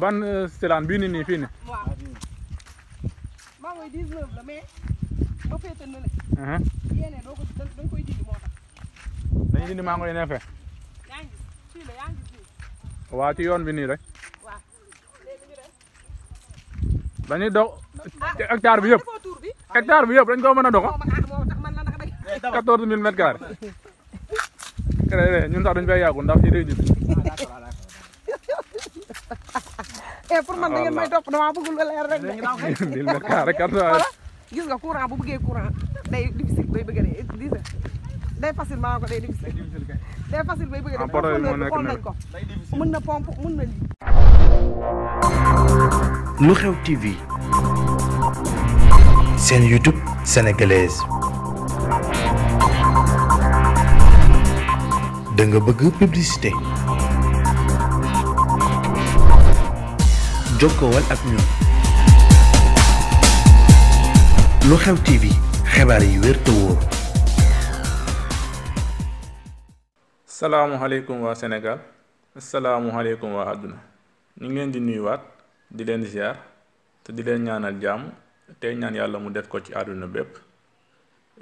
ban euh, Silane bii nii nii fii nii. waaw maa ngi uh-huh. maa ngi leen a fekk. yaa yoon bi nii rek. waaw léegi ah. hectare bi yëpp. hectare bi yëpp dañ koo mën a dox. 14000 ah, mètres carrés. ñun sax dañu fay yàggu ndax fii day jub. waaw pour man da ngeen may topp damaa bëggul leer rek de. gis nga courant bu bëggee courant day difficile bay bëgg a dee day facile maa ko day difficile. day facile bay bëgg a dee xool nañ ko mën na pompe mën na lii. lu xew TV seen YouTube sénégalaise. da nga bëgg publicité jokkool ak ñun lu xew TV xibaar yi wér te wóor. salaamualeykum waa Sénégal salaamualeykum waa àdduna ñu ngi leen di nuyuwaat di leen ziar te di leen ñaanal jàmm tey ñaan yàlla mu def ko ci àdduna bépp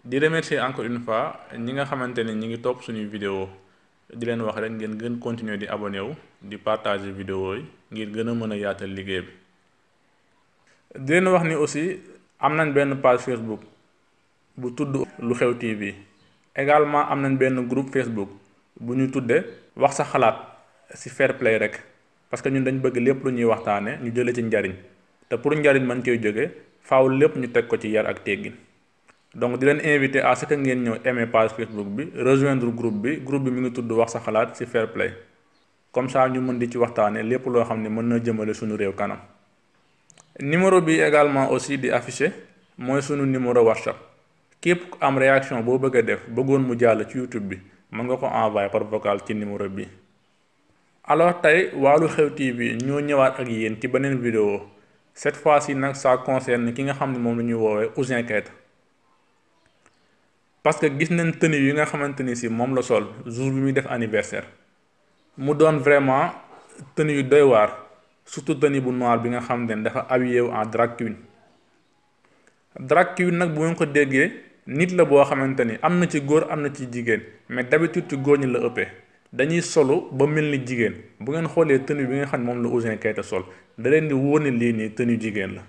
di remercier encore une fois ñi nga xamante ne ñi ngi topp suñuy vidéo. di leen wax rek ngeen gën continuer di abonné wu di partager vidéo yi ngir gën a mën a yaatal liggéey bi di leen wax ni aussi am nañ benn page Facebook bu tudd lu xew TV également am nañ benn groupe Facebook bu ñu tuddee wax sa xalaat si fair play rek parce que ñun dañ bëgg lépp lu ñuy waxtaane ñu jëlee ci njariñ te pour njariñ man koy jóge faw lépp ñu teg ko ci yar ak teggin donc di leen invité à ce ngeen ñëw aimer page Facebook bi rejoindre groupe bi groupe bi mi ngi tudd wax sa xalaat ci fair play comme ça ñu mën di ci waxtaane lépp loo xam ne mën na jëmale suñu réew kanam numéro bi également aussi di affiché mooy sunu numéro WhatsApp képp ku am réaction boo bëgg a def bëggoon mu jàll ci YouTube bi mën nga ko envoyer par vocal ci numéro bi alors tey wàllu xew TV ñoo ñëwaat ak yéen ci beneen vidéo cette fois-ci nag ça concerne ki xam ne moom la ñuy woowee Ouzin Keita parce que gis nañ tenue yi nga xamante ni si moom la sol jour bi muy def anniversaire mu doon vraiment tenue yu doy waar surtout tenue bu noir bi nga xam dafa habillé wu en drag queen nag bu ngeen ko déggee nit la boo xamante ni am na ci góor am na ci jigéen mais d'habitude ci góor ñi la ëppee dañuy solo ba mel ni jigéen bu ngeen xoolee tenue bi nga xam ne moom la Ouzin Keita sol da leen di wóor ne lii nii tenue jigéen la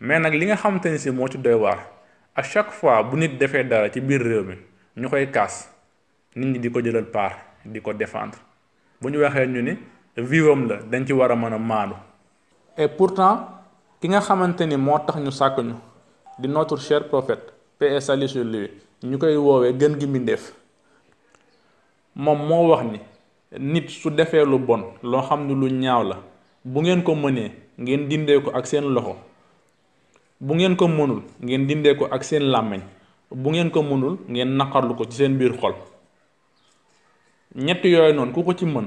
mais nag li nga xamante ni si moo ci doy à chaque fois bu nit defee dara ci biir réew mi ñu koy kaas nit ñi di ko jëlal part di ko défendre bu ñu waxee ñu ni viwam la dañ ci war a mën a maandu. et pourtant ki nga xamante ni moo tax ñu sàkk ñu di notre cher prophète paix et salut ñu koy woowee gën gi mbindeef moom moo wax ni nit su defee lu bon loo xam ne lu ñaaw la bu ngeen ko mënee ngeen dindee ko ak seen loxo. bu ngeen ko mënul ngeen dindee ko ak seen làmmiñ bu ngeen ko mënul ngeen naqarlu ko ci seen biir xol ñett yooyu noonu ku ko ci mën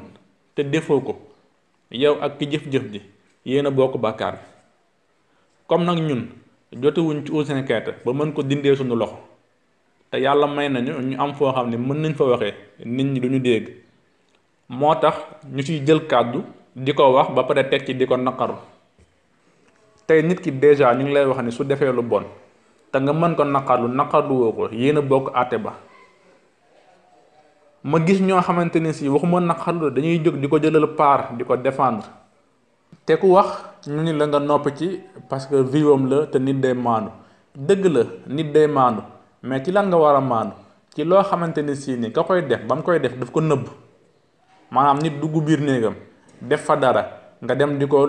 te defoo ko yow ak ki jëf-jëf ji yéen a bokk bàkkaar bi comme nag ñun jotewuñ ci Ouzin Keita ba mën ko dindee suñu loxo te yàlla may nañu ñu am foo xam ne mën nañ fa waxee nit ñi duñu dégg moo tax ñu ciy jël kàddu di ko wax ba pare teg ci di ko naqaru tey nit ki dèjà ñu ngi lay wax ni su defee lu bon te nga mën ko naqarlu naqarlu woo ko yéen a bokk àtte ba ma gis ñoo xamante ni si waxuma naqarlu dañuy jóg di ko jëlal paar di ko defendre te ku wax ñu ni la nga nopp ci parce que viwam la te nit day maandu dëgg la nit day maandu mais ci lan nga war a maandu ci loo xamante ni si ni ka koy def ba mu koy def daf ko nëbb maanaam nit dugg biir néegam def fa dara nga dem di ko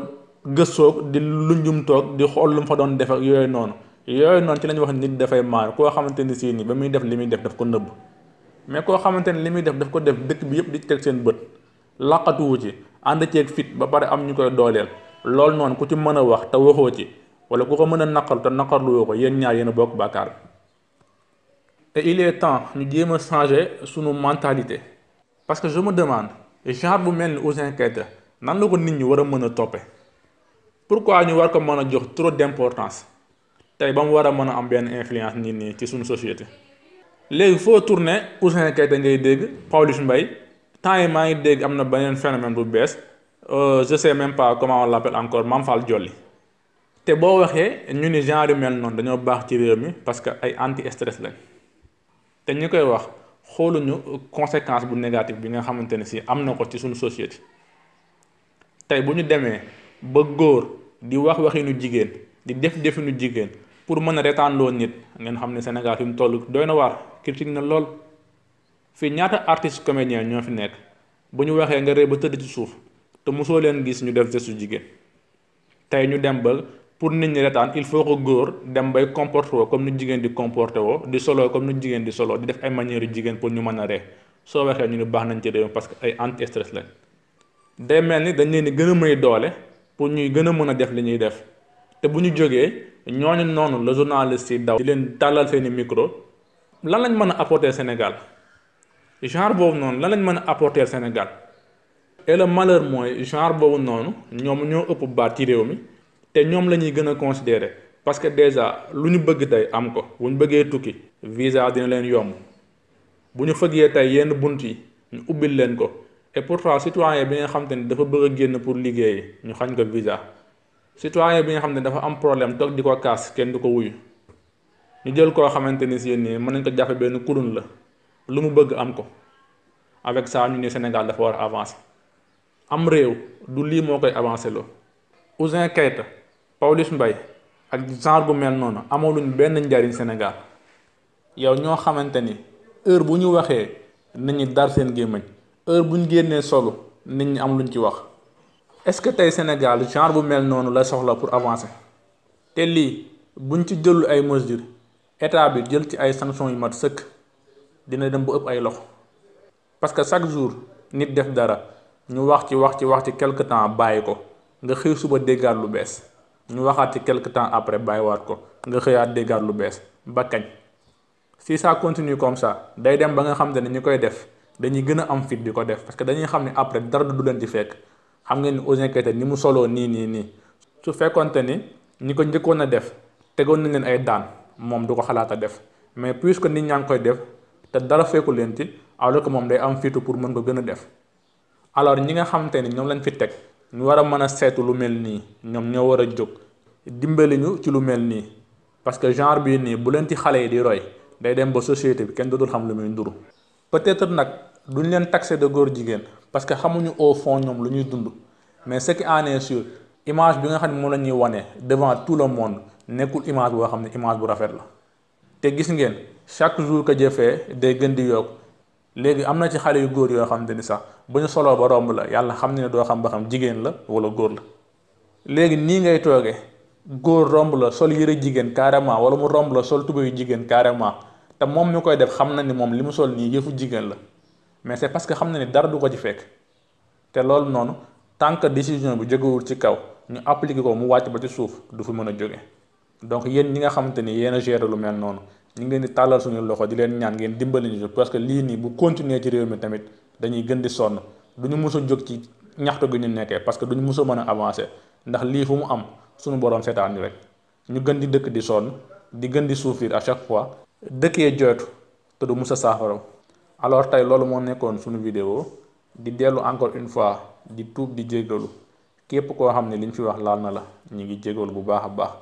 gëstoog di lunjum toog di xool lu mu fa doon def yooyu noonu yooyu noonu ci lañ wax nit dafay maar koo xamante ni sii nii ba muy def li muy def daf ko nëbb mais koo xamante ni li muy def daf ko def dëkk bi yëpp di teg seen bët laqatuwu ci ànd ceeg fit ba pare am ñu koy dooleel loolu noonu ku ci mën a wax te waxoo ci wala ku ko mën a naqar te naqarluwoo ko yéen ñaar yéen a bokk bàkkaar te il est temps ñu jéem a changer sunu mentalité parce que je me demande genre bu mel ni Ouzin Keita nan la ko nit ñi war a mën a toppe pourquoi ñu war ko mën a jox trop d'importance tey ba mu war a mën a am benn influence nit nii ci suñu société léegi foo tourné Ouzin Keita ngay dégg Pawlish Mbaye temps yi maa ngi dégg am na beneen phénomène bu bees euh, je sais même pas comment on l'appelle encore Mame Fall Jolly te boo waxee ñu ni genre yu mel noonu dañoo baax ci réew mi parce que ay anti stress lañ te ñu koy wax xooluñu conséquence bu négative bi nga xamante ne si am na ko ci suñu société tey bu ñu demee ba góor di wax waxinu jigéen di def definu jigéen pour mën a retaanloo nit ngeen xam ne Sénégal fi mu toll dooy na waar critique na lool fii ñaata artiste comédien ñoo fi nekk bu ñu waxee nga rëy ba tëdd ci suuf te mosoo leen gis ñu def gestu jigéen tey ñu dem bal pour nit ñi retaan il faut que góor dem bay comporté woo comme nu jigéen di comporté woo di solo comme nu jigéen di solo di def ay manière yu jigéen pour ñu mën a ree soo waxee ñu ne baax nañ ci réew parce que ay anti stress lañ mel ni dañ leen di gën a may doole pour ñuy gën a mën a def li ñuy def te bu ñu jógee ñooñu noonu la journaliste yi daw di leen tàllal seeni micro lan lañ mën a apporter Sénégal genre boobu noonu lan lañ mën a apporter Sénégal le malheur mooy genre boobu noonu ñoom ñoo ëpp baat ci réew mi te ñoom la ñuy gën a considérer parce que déjà lu ñu bëgg tey am ko bu ñu bëggee tukki visa dina leen yomb bu ñu fëggee tey yenn bunt yi ñu ubbil leen ko et pourtant citoyen bi nga xam ni dafa bëgg a génn pour liggéey ñu xañ ko visa citoyen bi nga xam ne dafa am problème toog di ko kaas kenn du ko wuyu ñu jël koo xamante ni si mën nañ ko jàppe benn kurun la lu mu bëgg am ko avec ça ñu ne Sénégal dafa war a avancer am réew du lii moo koy avancé loo Ouzin Keita Pawlish Mbaye ak genre bu mel noonu amaluñ benn njariñ Sénégal yow ñoo xamante ni heure bu ñu waxee nañu dar seen gémmiñ heure bu ñu génnee solo nit ñi am luñ ci wax est-ce que tey Sénégal genre bu mel noonu la soxla pour avancer te lii buñ ci jëlul ay mesures état bi jël ci ay sanctions yu mat sëkk dina dem bu ëpp ay loxo parce que chaque jour nit def dara ñu wax ci wax ci wax ci quelque temps bàyyi ko nga xëy suba dégaat lu bees ñu waxaat ci quelque temps après bàyyiwaat ko nga xëyaat déggaat lu bees ba kañ si ça continue comme ça day dem ba nga xam ne ni ñu koy def. dañuy gën am fit bi ko def parce que dañuy xam ni après dara du leen di fekk xam ngeen ni Ouzin Keita ni mu soloo nii nii nii su fekkonte ni ñi ko njëkkoon a def tegoon na leen ay daan moom du ko xalaat a def mais puis puisque nit ñaa ngi koy def te dara fekku leen ci alors ko moom day am fitu pour mën ko gën a def alors ñi nga xamante ni ñoom lañ fi teg ñu war a mën a seetu lu mel nii ñoom ñoo war a jóg dimbali ñu ci lu mel nii parce que genre bii nii bu leen ci xale di roy day dem ba société bi kenn dootul xam lu muy nduru duñ leen taxé de góor jigéen parce que xamuñu au fond ñoom lu ñuy dund mais ce qui en est image bi nga xam ne moom la ñuy wane devant tout le monde nekkul image boo xam ne image bu rafet la te gis ngeen chaque jour que jëfee day gën di yokk léegi am na ci xale yu góor yoo xam te ni sax ba ñu soloo ba romb la yàlla xam ne ne doo xam ba xam jigéen la wala góor la léegi nii ngay toogee góor romb la sol yëre jigéen carrément wala mu romb la sol tuba jigéen carrément te moom mi koy def xam na ni moom li mu sol nii yëfu jigéen la mais c'est parce que xam na ni dara du ko ci fekk te loolu noonu tant que décision bi jógewul ci kaw ñu appliqué ko mu wàcc ba ci suuf du fi mën a jóge donc yéen ñi nga xamante ni yéen a gérer lu mel noonu ñu ngi leen di tàllal suñu loxo di leen ñaan ngeen dimbali ñu parce que lii nii bu continuer ci réew mi tamit dañuy gën di sonn du ñu mës a jóg ci ñaxtu gi ñu nekkee parce que du ñu mës mën a avancer ndax lii fu mu am suñu borom seetaan ñu rek ñu gën di dëkk di sonn di gën di souffrir à chaque fois dëkkee jooytu te du mës saafara alors tey loolu moo nekkoon suñu vidéo di dellu encore une fois di tuub di jégalu képp koo xam ne ñu fi wax laal na la ñu ngi jégalu bu baax a baax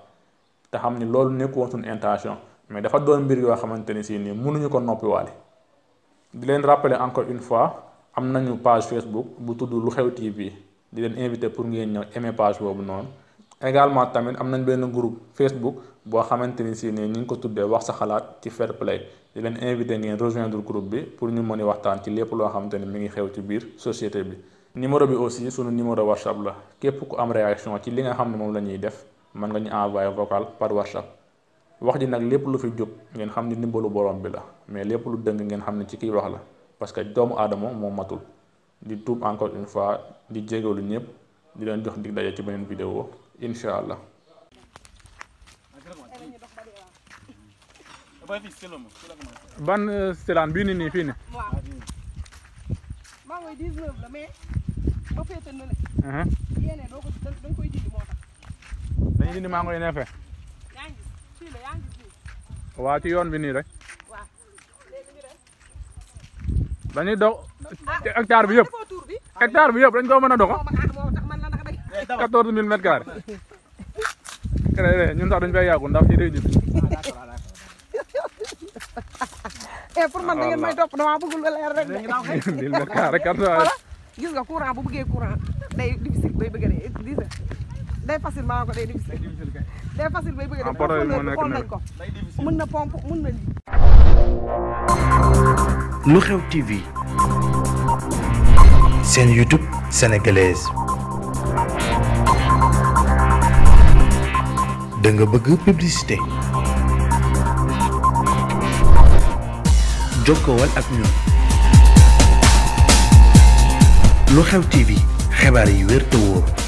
te xam ni loolu nekkoon suñu intention mais dafa doon mbir yoo xamante ni si nii mënuñu ko noppiwaale di leen rappeler encore une fois am nañu page Facebook bu tudd lu xew TV di leen invité pour ngeen ñëw aimer page boobu noonu. également tamit am nañ benn groupe Facebook boo xamante ni si nii ñu ngi ko tuddee wax sa xalaat ci fair play di leen invité ngeen rejoindre groupe bi pour ñu mën a waxtaan ci lépp loo xamante ni mi ngi xew ci biir société bi. numéro bi aussi sunu numéro WhatsApp la képp ku am réaction ci li nga xam ne moom la ñuy def mën nga ñu envoyé vocal par WhatsApp wax ji nag lépp lu fi jóg ngeen xam ni ndimbalu borom bi la mais lépp lu dëng ngeen xam ne ci kiy wax la parce que doomu aadama moo matul di tuub encore une fois di jégalu ñëpp di leen jox dig daje ci beneen vidéo. incha ban euh, stilaan bii nii nii fii nii. Uh-huh. dañuy dindi mango yi neefe. yoon bi nii rek. dañuy dox ah, hectare bi yëpp. hectare bi yëpp dañ koo mën a dox. quatorze mille mètres carrés eh, ñun sax dañu fay yàggu ndax fii day jub. eh pour man da ngeen may topp damaa bëgg lu leer rek de. mille mètres carrés quatorze. gis nga courant bu bëggee courant day difficile bay bëgg de gis nga day facile maa ko day difficile. day facile bay bëgg de. en problème moo nekk nañ ko mën na pompe mën na lii. lu xew TV. seen YouTube sénégalaise. da nga bëgg publicité jokkool ak ñun lu xew TV xibaar yi wér te wóor